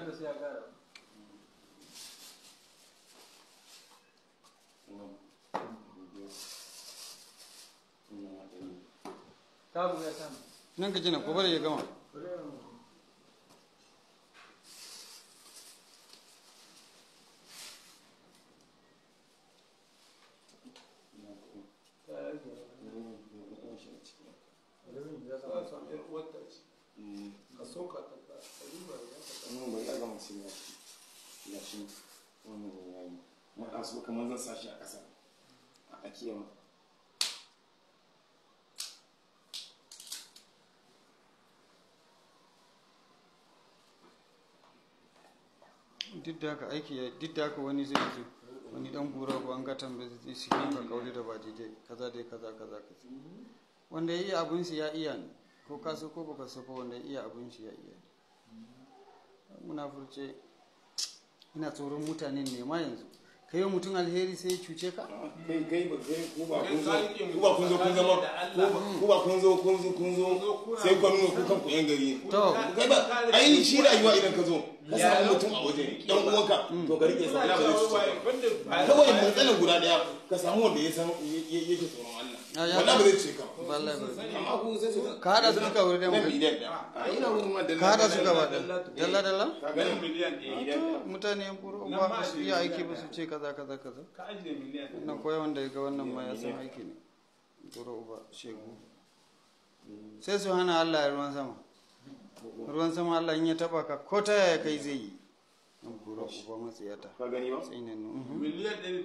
fitar da su nan ka jina ya gama ka soka ta cikin wannan yayi kamar zan a ƙasa a duk da haka aiki ya duk da haka wani zai zo wani dan gura ko an ga tambaye zai su yi ka kauli da ba daidai kaza dai kaza kaza kaza wanda ya iya abin shi ya iya ne ko ka so ko baka so wanda ya iya abin shi ya iya munafurce ina tsoron mutanen ne ma yanzu ka yi mutum alheri sai ya cuce ka? kai ba ku ba kun zo ku ba kun zo kun zama ku ba kun zo kun zo kun zo sai kwanu nuna kukan ku yan gari to kai ba ai shi rayuwa idan ka zo ka samu mutum a waje dan uwanka to ka rike sa kawai matsalar guda daya ka samu wanda ya san yake tsoron Allah ba zai ce ka ba amma ku sai su ka hada su ah, ka wurin mu ka hada su ka ba dalla dalla ka ga su iya aiki ba su ce kaza kaza kaza ka ajiye miliyan wannan koyi wanda ya ga wannan ma ya san aiki ne goro uba shegu mm. sai su hana Allah ya ruwan sama ruwan sama Allah in ya taba ka ko ta yaya kai zai yi goro uba matsiyata ka gani ba mhm. miliyan